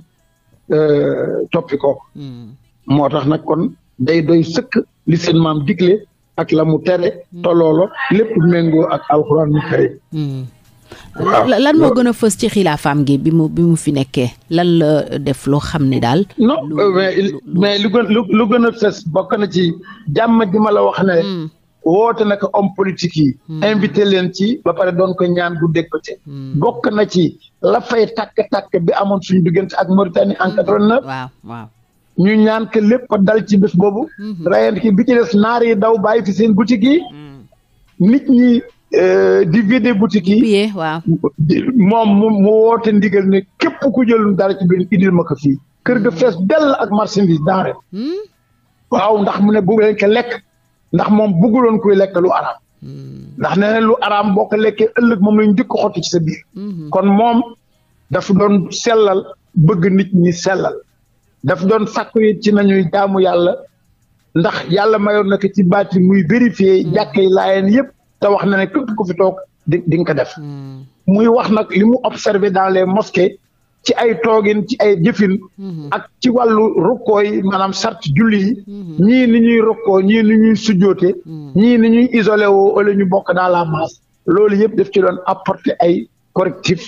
euh, ko mm-hmm. moo tax nag kon day doy sëkk li seen maam digle ak la mu tere tolloolo lépp méngoo ak alxuraan mu kari lan moo gën a fës ci xilaafaam gi bi mu bi mu fi nekkee lan la def loo xam ni daal. non euh, mais mais lu gën a fës bokk na ci jàmm ji ma la wax ne. Mm. woote naka homme politique yi. Hmm. invité leen ci. ba pare doon ko ñaan guddeeg ko ci. bokk na ci la fay tàkk-tàkk bi amoon suñu diggante ak Mauritanie en hmm. quatre-vingt-neuf. waaw ñu ñaan ke lépp ko dal ci bés boobu. Hmm. rayant ki bi ci des naar yi daw bàyyi fi seen boutique yi. nit ñi euh, di vider boutique yi. waaw. moom mu woote ndigal ne képp ku jël dara ci biir indil ma ko fii. kër ga fees dell ak marchandise denrée. waaw ndax mu ne bu leen ko lekk. ndax moom bëgguloon kuy lekk lu araam ndax nee lu araam boo ko lekkee ëllëg moom lañ njëkk xotti ci sa biir mhm. kon moom dafa doon sellal bëgg nit ñi sellal daf doon sàkku it ci nañuy jaamu yàlla ndax yàlla mayoon na ko ci baat muy vérifier mhm. jàkkee laayeen yëpp te wax na ne képp ku fi toog di di nga ko def mhm. muy wax nag li observé dans les mosquées ci ay toogin ci ay jëfin mhm. ak ci wàllu rukkoo yi maanaam sart julli yi mhm. ñii ni ñuy rukkoo ñii ni ñuy sujjoote mhm. ñii ni ñuy isolé woo wala ñu bokk naa la masse loolu yëpp def ci doon apporter ay correctif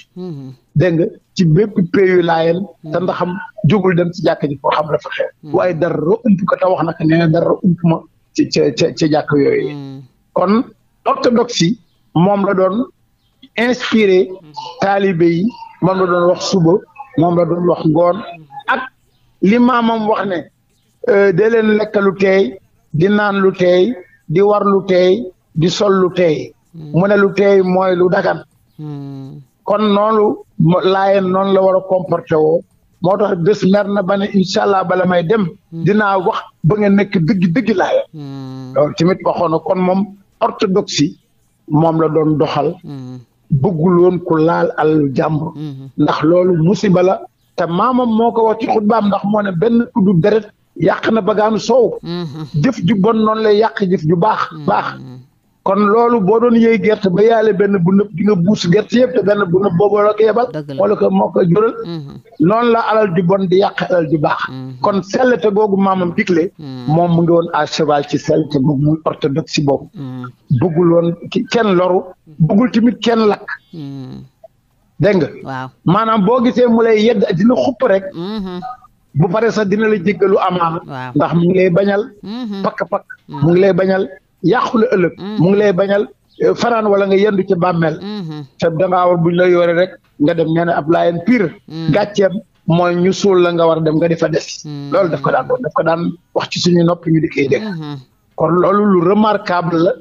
dégg nga ci bépp péyu laayeen te ndaxam jógul dem ci jàkk ji pour xam la xew waaye dara ump ko te wax naka na dara ump ma ci ca yooyu kon orthodoxie moom la doon inspiré taalibe yi moom la doon wax suba moom la doon wax ngoon ak li maamam wax ne euh, de leen lekk lu teey di naan lu teey di war teey di sol lu teey hmm. mu ne lu teey mooy dagan hmm. kon noonu laayeen noonu la war a comporté woo moo tax bés mer na ba ne incha allah bala may dem hmm. dinaa wax ba nga nekk dëgg dëgg laayeen loolu tamit kon moom orthodoxie moom la doon doxal bëgguloon ku laal alalu jàmbur. Mhm. ndax loolu musiba la te maamam moo ko wax ci xutbaam ndax moo ne benn tuddu deret yàq na bagaanu soow. Mhm. jëf ju bon noonu lay yàq jëf ju baax mhm. baax. kon loolu boo doon yëy gerte ba yaale benn bu nëb di buus gert yëpp te benn bu nëb boobu la ko yebal wala ko moo ko jural mhm. noonu la alal ju bon di yàq alal ju baax mhm. kon sellte googu maamam digle mhm. moom mu ngi woon à cheval ci sellte boobu muy si boobu bëggul woon kenn loru bëggul tamit kenn lakk dégg nga maanaam boo gisee mu lay yedd dina xupp rek bu pare sax dina la jéggalu amaana ndax mu ngi lay bañal pakk pakk mu ngi lay bañal yàqu la ëllëg. Mm-hmm. mu ngi lay bañal euh, fanaan wala nga yendu ci bàmmeel. Mm-hmm. te dangaa war buñ la yore rek nga dem nee na ab laayeen pire. Mm-hmm. gàcceem mooy ñu suul la nga war a dem nga def fa des. loolu daf ko daan ko daan wax ci suñu nopp ñu di koy dégg. kon loolu lu remarquable la.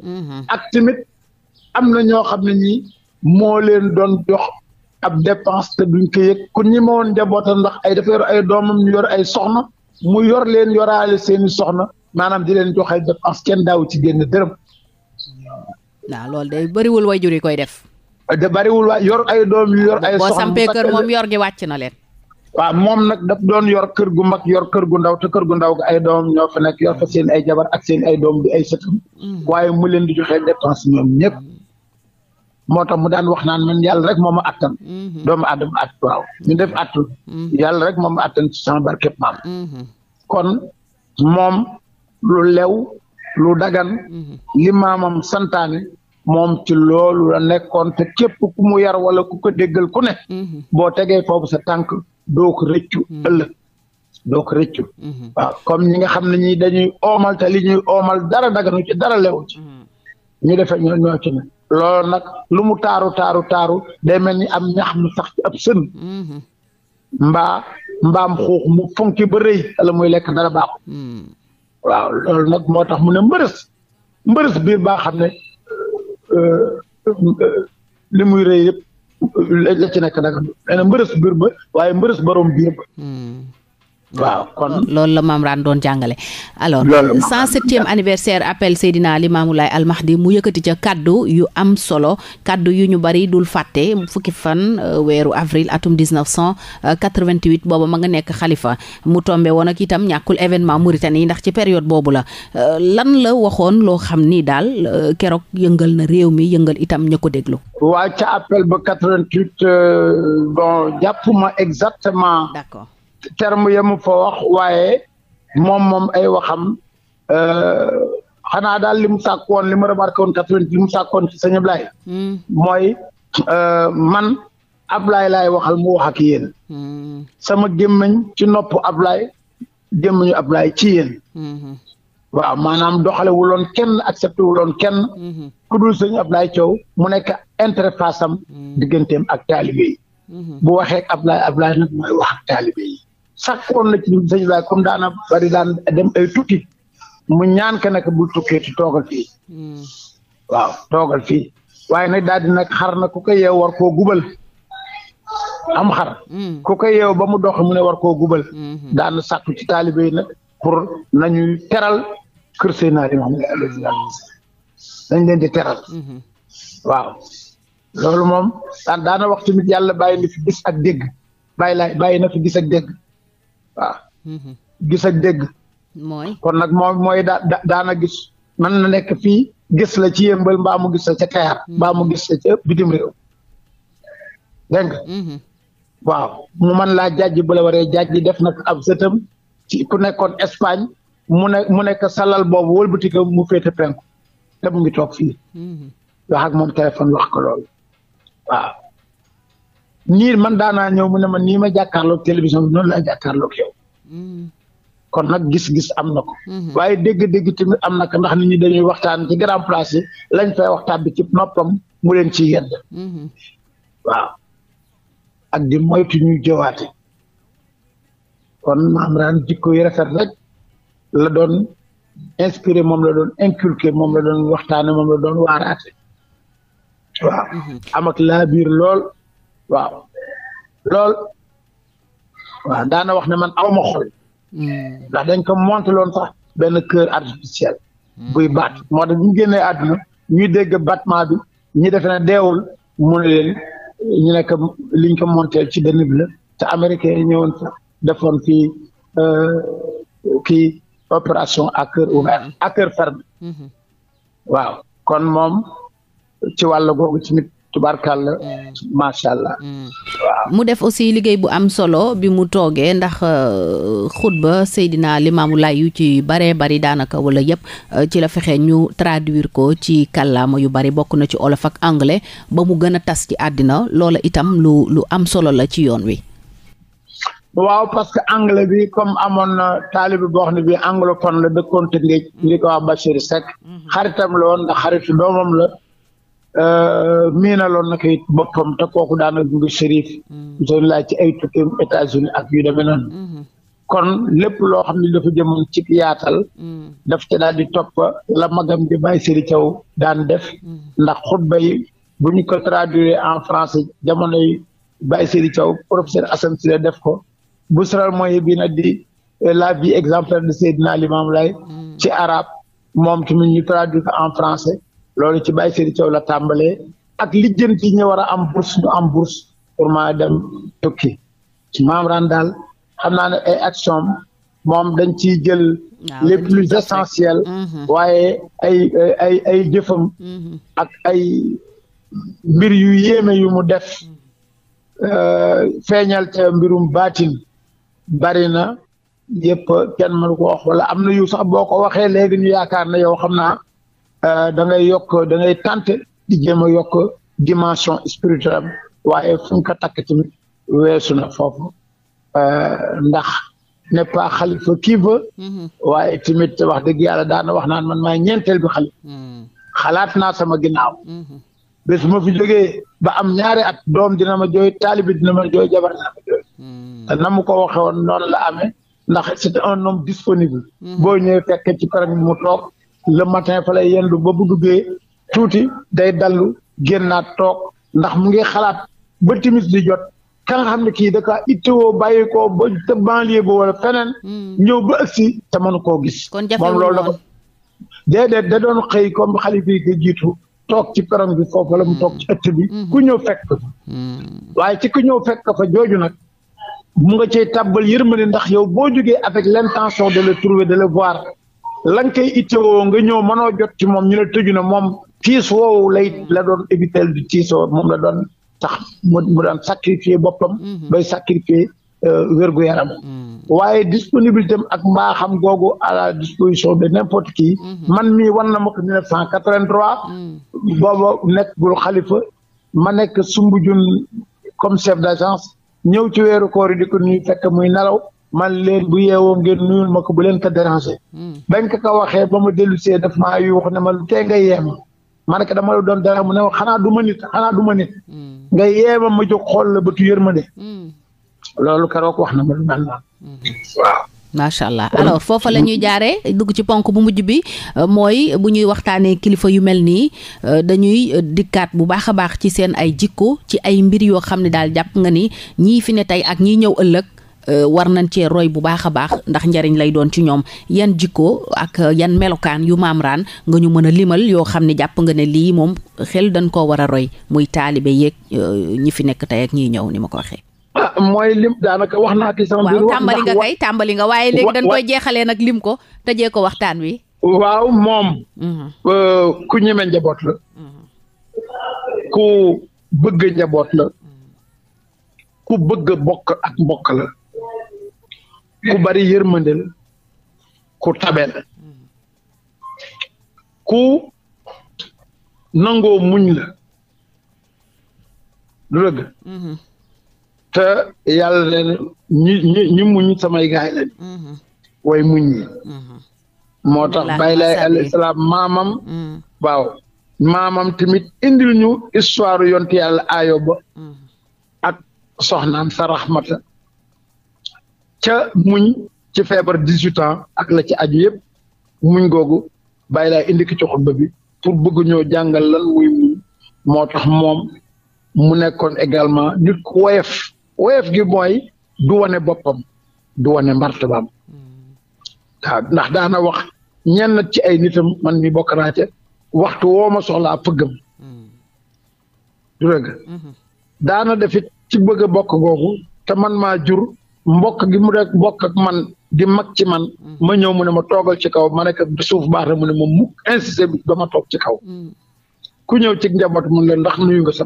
ak tamit am na ñoo xam ne ñii moo leen doon jox. ab dépense te duñ ko yëg ku ñi ma woon njabootam ndax ay dafa yor ay doomam yor ay soxna mu yor leen yoraale seeni soxna maanaam di leen joxe dépense kenn daaw ci génn dërëm. waaw loolu day bëriwul waajur yi koy def. bariwul bëriwul yor ay doom yor ay. soxna boo sampee kër moom yor gi wàcc na leen. waaw moom nag daf doon yor kër gu mag yor kër gu ndaw te kër gu ndaw ay doom ñoo fa nekk yor fa seen ay jabar ak seen ay doom bi ay sëtam. Mm. waaye mu leen di joxe dépense ñoom ñëpp. Mm. moo tax mu daan wax naan man yàlla rek moom ma attan. Mm-hmm. doomu aadama at waaw ñu def attul. Mm-hmm. yàlla rek moo ma attan ci sama barkeb maam. Mm-hmm. kon moom. lu lew lu dagan mhm. li maamam santaane moom ci loolu la nekkoon te képp ku mu yar wala ku ko déggal ku ne mhm. boo tegee kooku sa tànk doo ko rëccu mhm. ëllëg doo ko rëccu waaw comme ñi nga xam ne ñi dañuy omal te li ñuy oomal dara daganu ci dara lewu ci ñu ñoo ñoo loolu nag lu mu taaru taaru taaru day mel ni am ñax mu sax ci ab sën mbaa mbaam xuux mu fonki ba rëy wala muy lekk dara baaxu waaw loolu nag moo tax mu ne mbërës mbërës biir baa xam ne euh, euh, li muy rëy yëpp la ci nekk nag nee na mbërës biir ba waaye mbërës borom biir ba hmm. waaw kon loolu la maam doon jàngale. alors cent septième anniversaire appel Seydina Limaamu Laay Almahdi mu yëkkati ca kàddu yu am solo kàddu yu ñu bari dul fàtte fukki fan euh, weeru avril atum dix neuf cent quatre vingt booba ma nga nekk xalifa mu tombe woon ak itam ñàkkul événement Mauritanie ndax ci période boobu la euh, lan la waxoon loo xam ni daal euh, keroog yëngal na réew mi yëngal itam ña ko déglu. waaw ca appel ba quatre vingt huit jàppuma exactement. d'accord. terme ya mu fa wax waaye moom moom ay waxam euh, xanaa daal li mu sàkk woon li mu remarqué woon quatre mu sàkk woon ci sëñ Ablaye hmm. mooy euh, man Ablaye lay waxal mu wax ak yéen hmm. sama gémmiñ ci nopp Ablaye gémmiñu Ablaye ci yéen hmm. waaw maanaam doxale wuloon kenn accepté wuloon kenn ku dul sëñ Ablaye Thiaw mu nekk interface am digganteem ak taalibe yi bu waxee ablaay Ablaye Ablaye nag mooy wax ak sakkoon na ci sëñ Ibrahima daana bari daan dem ay tukki mu ñaan ka nag bul tukkee ci toogal fii hmm. waaw toogal fi waaye nag daal di nag xar na ku ko yeew war koo gubal am xar hmm. ku ko yeew ba mu dox mu ne war koo gubal hmm. daana sàkku ci taalibe yi nag pour nañuy teral kër Seydina Limaamu dañ leen di teral waaw loolu moom daana wax tamit yàlla bàyyi na fi gis ak dégg bàyyi laay bàyyi na fi gis ak dégg waaw. Mhm. gis a dégg. mooy kon nag moo mooy da daana gis mën na nekk fii gis la ci yëmbal mbaa mu gis la ca Kayar mhm. mbaa mu gis la ca bitim réew dégg nga mhm. waaw mu mën laa jaj bu la waree jàjj def nag ab sëtam ci ku nekkoon Espagne mu ne mu nekk salal boobu wëlbati butik mu féete penku te mu ngi toog fii wax ak moom téléphone wax ko waaw nii man daanaa ñëw mu ne ma nii ma jàkkaarloog télévision bi noonu laa jàkkaarloog yow mm. kon nag gis-gis am na ko mm-hmm. waaye dégg-dégg tamit am na ko ndax nit ñi dañuy waxtaan ci grand place yi lañ fay waxtaan bi ci noppam mu leen ci yedd mm-hmm. waaw ak di moytu ñuy jëwaate kon maam raan jikko yi rafet rek la doon inspiré moom la doon inculqué moom la doon waxtaane moom la doon waaraate waaw mm-hmm. am ak biir lool waaw lool waaw daana wax ne man awma xol hmm. ndax dañ ko monté loon sax benn kër artificiel hmm. buy baat moo tax ñu génnee àdduna ñuy dégg battement bi ñu defe ne deewul mu ne leen ñu nekk liñ ko monté ci benn bi te américain yi ñëwoon sax defoon fii euh, kii opération à cœur ferme hmm. waaw kon moom ci wàll googu ci nit tubarkàlla eh. macha mm. allah. mu def aussi liggéey bu am solo bi mu toogee ndax euh, xutba Seydina Limaamu Laay yu ci baree bari daanaka wala yëpp euh, ci la fexe ñu traduire ko ci kàllaama yu bari bokk na ci olof ak anglais ba mu gën a tas ci àddina loola itam lu lu am solo la ci yoon wi. waaw parce anglais bi comme amoon na taalibe boo xam ne bi anglophone la dëkkoon Tëngéej ñu ko wax Bachir Seck mm-hmm. xaritam la woon ndax xaritu doomam la. Euh, miinaloon na ko it boppam te kooku daana gunge shérif hmm. doon ci ay tukkeem États-Unis ak yu demee hmm. kon lépp loo xam ne dafa jëmoon ci yaatal hmm. daf ca daal di topp la magam di bàyyi Sëriñ Thiaw daan def ndax xutba yi bu ñu ko traduire en français jamonoy bàyyi Sëriñ Thiaw professeur Assane def ko Busral mooy bi na di euh, la vie exemple de Seydina Limamou Laye ci arabe moom mi ñu traduire ko en français loolu ci baay Sëriñ Thiaw la tàmbalee ak lijjanti yi ñu war a am bourse ñu am bourse pour ma dem tukki maam ran daal xam naa ne ay action moom dañ ciy jël les plus essentiels mm-hmm. waaye ay ay ay jëfam mm-hmm. ak ay mbir yu yéeme yu mu def euh, feeñal te mbirum baatin bari na yëpp kenn mënu ko wax am na yu sax boo ko waxee léegi ñu yaakaar ne yow xam naa Euh, dangay yokk da ngay tenter di jéem a yokk dimension spirituelle waaye fu ñu takk tamit weesu na foofu euh, ndax n'est pas xalifa kii ba mm-hmm. waaye tamit wax dëgg yàlla daana wax naan man maay ñeentel bi xalifa mm-hmm. xalaat naa sama ginnaaw mm-hmm. bés ma fi jógee ba am ñaari at doom dina ma jooy taalibi dina ma jooy jabar dina ma jooy te na ko waxee woon noonu la amee ndax c'est un homme disponible boo ñëwee fekkee ci param mu toog le matin fa lay yendu ba bu duggee tuuti day dallu génnaat toog ndax mu ngi xalaat ba timis di jot ka nga xam ne kii da kaa ittewoo bàyyi koo ba te banlieue ba wala feneen. Hmm. ñëw ba ëgsi te mënu koo gis. kon moom lool la ko déedéet da doon xëy comme xalifa yi ko jiitu toog ci perron bi foofu la mu toog ci ëtt bi. Hmm. ku ñëw fekk hmm. waaye ci ku ñëw fekk fa jooju nag. mu nga cay tàbbal yërmande ndax yow boo jógee avec l'intention de le trouver de le voir. la nga koy nga ñëw manoo jot ci moom ñu ne tëju na moom tiis woowu lay la doon éviter di tiisoo moom la doon tax mu daan sacrifier boppam mhm. bay sacrifier euh, wérgu yaram mhm. waaye disponibilité am ak mbaaxam googu à la disposition de n'importe kii mhm. man mii war na ma ko 1983 booba nekk gul xalifa ma nekk Soumbédioune comme chef d'agence ñëw ci weeru koor yi di ko fekk muy nelaw man leen bu yeewoo ngeen nuyul ma ko bu leen ko déranger. Hmm. bañ ko ko waxee ba ma dellu see daf maa yu wax ne ma lu tee nga yeema ma dama doon dara mu ne xanaa du ma nit xanaa du ma nit. Hmm. nga yeema ma jóg xool la ba ma ne loolu keroog wax na ma lu mel noonu. Hmm. waaw. macha allah alors foofa la ñuy jaaree dugg ci ponk bu mujj bi euh, mooy bu ñuy waxtaanee kilifa yu mel nii euh, dañuy euh, dikkaat bu baax a baax ci seen ay jikko ci ay mbir yoo xam ne daal jàpp nga ni ñii fi ne tey ak ñii ñëw ëllëg. Euh, war nañ cee roy bu baax a baax ndax njariñ lay doon ci ñoom yan jikko ak euh, yan melokaan yu maam raan nga ñu mën a limal yoo xam ne jàpp nga ne lii moom xel dañ koo war a roy muy taalibe yeeg euh, ñi fi nekk tey ak ñiy ñëw ni ma ko waxee. ah mooy lim daanaka wax naa ci sama. waaw tàmbali nga kay tàmbali nga waaye léegi dañ koy jeexalee nag lim ko te jee ko waxtaan wi. waaw moom. Mm-hmm. ku ñeme njaboot la. Mm-hmm. ku bëgg njaboot la. Mm-hmm. ku bëgg bokk ak mbokk la. ku bari yërmande ku tabe la ku nangoo muñ la lu dëgg mhm. te yàlla samay gaay lañ mhm. way muñ mhm. moo tax bàyyi laay alayhi maamam waaw maamam tamit indil ñu histoire yonti yàlla ayoba ak soxnaam sa raxmata ca muñ ci feebar dix huit ans ak la ci aju yëpp muñ googu bàyyi laay indik ki ci xutba bi pour bëgg ñoo jàngal lan muy muñ moo tax moom mu nekkoon également nit ku woyef woyef gi mooy du wane boppam du wane mbartabaam waaw ndax daana wax ñenn ci ay nitam man mi bokk naa ca waxtu woo ma soxlaa fëggam du dëgg mm-hmm. daana defit ci bëgg a bokk googu te man maa jur mbokk gi mu rek mbokk ak man di mag ci man mm. ma ñëw mu ne ma toogal ci kaw ma nekk suuf baax na mu ne ma mukk insisté bi ba ma toog ci kaw mm. ku ñëw ci njaboot mu ne ndax nuyu nga sa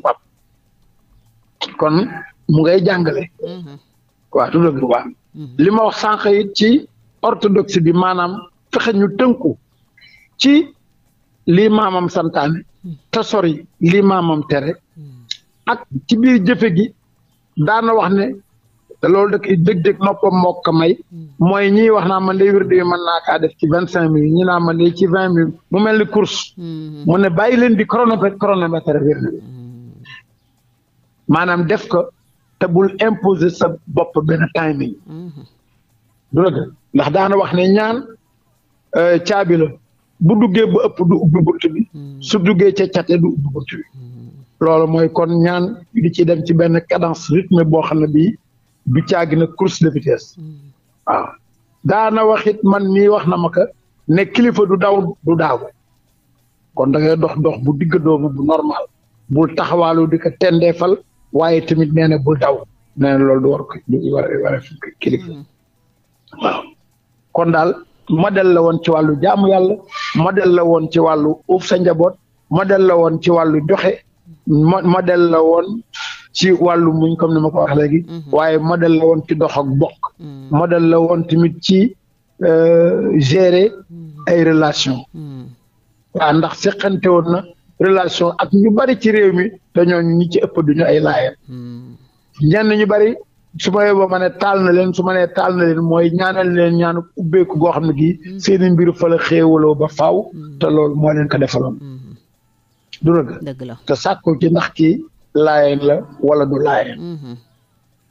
kon mu ngay jàngale mm-hmm. waa tu dëgg waa mm-hmm. li ma wax sànq it ci orthodoxie bi maanaam fexe ñu tënku ci lii maamam santaane mm. te sori lii maamam tere ak ci biir jëfe gi daana wax ne te loolu dëkk dëgg-dëgg noppam moo ko may hmm. mooy ñii wax naa man day wér di mën naa kaa def ci vingt cinq mille ñi naa man ci vingt mille mu mel ni course hmm. mu ne bàyyi leen di chronomètre chronomètre wér di hmm. maanaam def ko te bul imposer sa bopp benn timing du la ndax daana wax ne ñaan euh, caabi bu duggee bu ëpp du ubbi bunt bi su duggee ca cate du ubbi bunt bi loolu mooy kon ñaan di ci dem ci benn cadence rythme boo xam ne bii du caagi na course de vitesse waaw daana wax man mii wax na ma ka ne kilifa du daw du daaw kon da ngay dox dox bu digg doomu bu normal bul taxawaalu di ko tendeefal waaye tamit nee na bul daw nee na loolu du war mm-hmm. kon daal modèle la woon ci wàllu jaamu yàlla modèle la woon ci wàllu uuf sa njaboot modèle la woon ci wàllu joxe modèle la woon ci wàllu muñ comme ni ma ko wax léegi. Mhm. waaye modèle la woon ci dox ak bokk. Mhm. modèle la woon tamit ci euh, gérer mhm. ay relation waa ndax seqante woon na relation ak ñu bari ci réew mi dañoo ñi ci ëpp duñu ay laayal ñenn ñu bari su ma yeboo ma ne taal na leen su ma taal na mooy ñaanal leen ñaanu ubbeeku goo xam ne gii seeni mbiru fa la xéewaloo ba faw te loolu moo leen ko defaloon du dëgg ci ndax kii laayeen la wala du laayeen. Mm-hmm.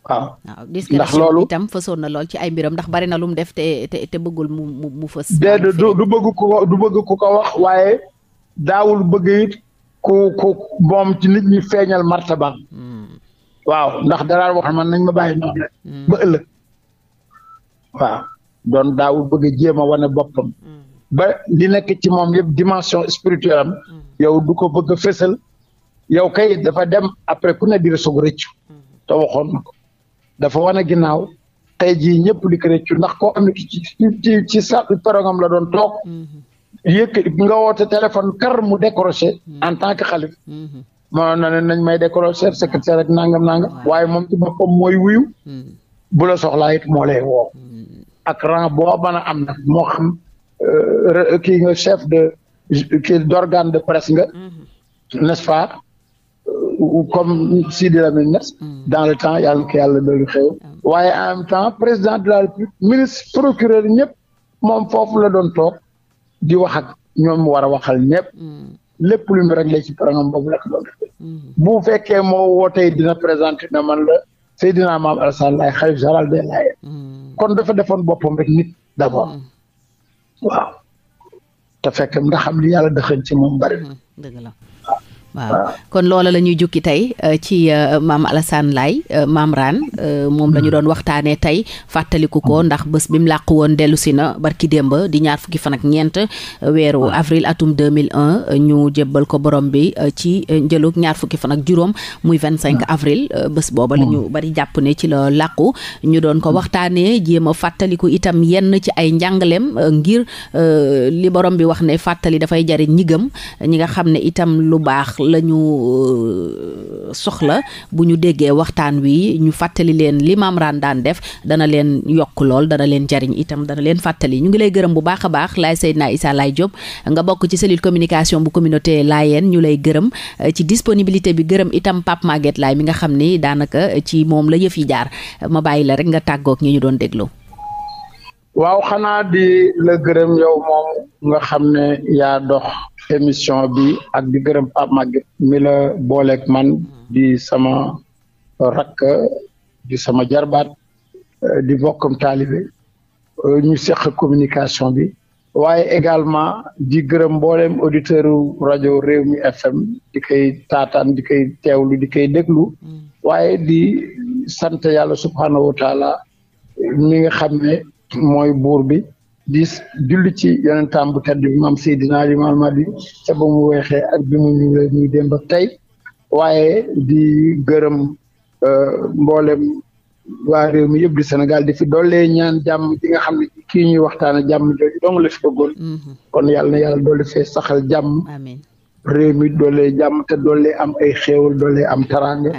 waaw ndax loolu tam fësoon na lool ci ay mbiram ndax bari na lu mu def te te te bëggul mu fës. déedéet du du bëgg ku ko ko wax waaye daawul bëgg it ku ku moom ci nit ñi feeñal martabaam. Mm. waaw ndax dara wax man nañ ma bàyyi noonu rek. Mm. ba ëllëg waaw doon daawul bëgg jéem wane boppam. Mm. ba li nekk moom yëpp dimension spirituelle yow du ko bëgg a yow kay dafa dem après ku ne di soog rëccu mhm. te waxoon na ko dafa wane ginnaaw tey jii ñëpp di ko rëccu ndax koo xam ne ci ci ci sa perongam la doon toog mhm. yëkk nga woote téléphone kar mu décroché mhm. en tant que xalif ma na nañ may décroché secrétaire ak nangam nangam waaye moom ci mooy wuyu bu la soxlaa it moo lay woo ak boo mën a am na moo xam euh, kii nga chef de kii d'organe de presse nga n'est-ce comme Sidi Lamine Niass hmm. dans le temps yàlla na yàlla doolu xew hmm. hmm. waaye en même temps président de la République ministre procureur ñëpp moom foofu la doon toog di wax ak ñoom war a waxal ñëpp lépp lu mu réglé ci programme boobu la ko doon bu fekkee moo wootee dina présenté na man la Seydina Maam Alassane Laye xalif général des Layènes kon dafa defoon boppam rek nit d'abord waaw te fekk ndaxam xam li yàlla dëxën ci moom bari waaw kon loola la ñuy jukki tey euh, ci euh, maam Alassane Laye euh, maam Raan moom la ñu hmm. doon waxtaanee tey fàttaliku ko hmm. ndax bës bi mu làq woon dellu si na barki démb di ñaar fukki fan ak ñeent weeru hmm. avril atum 2001 ñu jébbal ko borom bi ci njëlug ñaar fukki fan ak juróom muy 25 avril bés booba la ñu bari jàpp ne ci la làqu ñu doon ko waxtaanee jéem a fàttaliku itam yenn ci ay njàngaleem ngir li borom bi wax ne fàttali dafay jariñ ñi ñi nga xam ne itam lu baax la ñu euh, soxla bu ñu déggee waxtaan wi ñu fàttali leen li Mame Rane daan def dana leen yokk lool dana leen jariñ itam dana leen fàttali ñu ngi lay gërëm bu baax a baax Laye Seydina Issa Laye Diop nga bokk ci cellule communication bu communauté Layène ñu lay gërëm euh, ci disponibilité bi gërëm itam Pape Maguette Laye mi nga xam ni daanaka euh, ci moom la yëf yi jaar ma bàyyi la rek nga tàggook ñi ñu doon déglu. waaw xanaa di la gërëm yow moom nga xam ne yaa dox émission bi ak di gërëm Pape mag mi la booleeg man di sama rakk di sama jarbaat euh, di bokkam taalibe euh, ñu seq communication bi waaye également di gërëm mbooleem auditeur rajo réew mi FM di koy taataan di koy teewlu di koy déglu waaye di sant yàlla subhaanahu wa mi nga xam ne mooy buur bi di julli ci yonentam bu tedd bi maam Seydina Limaam Mahdi ca ba mu weexee a bi mu ñuulee muy démb tey waaye di gërëm euh, mboolem waa réew mi yëpp di Sénégal di fi doolee ñaan jàmm ji nga xam ne kii ñuy waxtaana jàmm jooju dong fi bëggoon mm-hmm. kon yàlla na yàlla doole fee saxal jàmm réew mi doolee jàmm te doolee am ay xéewal doolee am taraanga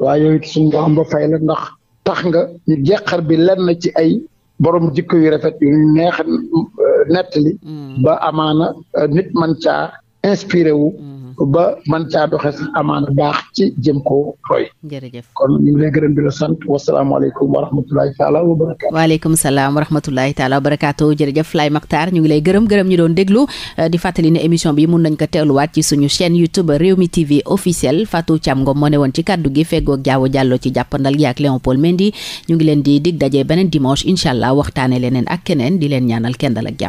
waaye yooyu suñu borom ba fay la ndax tax nga ñu jeqar bi lenn ci ay borom jikko yi rafet neex euh, nettali mm. ba amaana euh, nit man caa inspiré wu mm. ba man caa doxee sax amaana baax ci jëm ko roy. jërëjëf kon ñu ngi lay gërëm di la sant wasalaamaaleykum wa rahmatulahi taala wa barakaatu. waaleykum salaam wa rahmatulahi taala wa jërëjëf Laye Mactar ñu ngi lay gërëm gërëm ñu doon déglu euh, di fàttali ne émission bi mun nañ ko teeluwaat ci suñu chaîne YouTube Rewmi TV officiel Fatou Thiam Ngom moo ne woon ci kàddu gi feggoog jaawo jàlloo ci jàppandal gi ak Léon Paul ñu ngi leen di dig daje beneen dimanche incha allah waxtaane leneen ak keneen di leen ñaanal kenn dal ak jàmm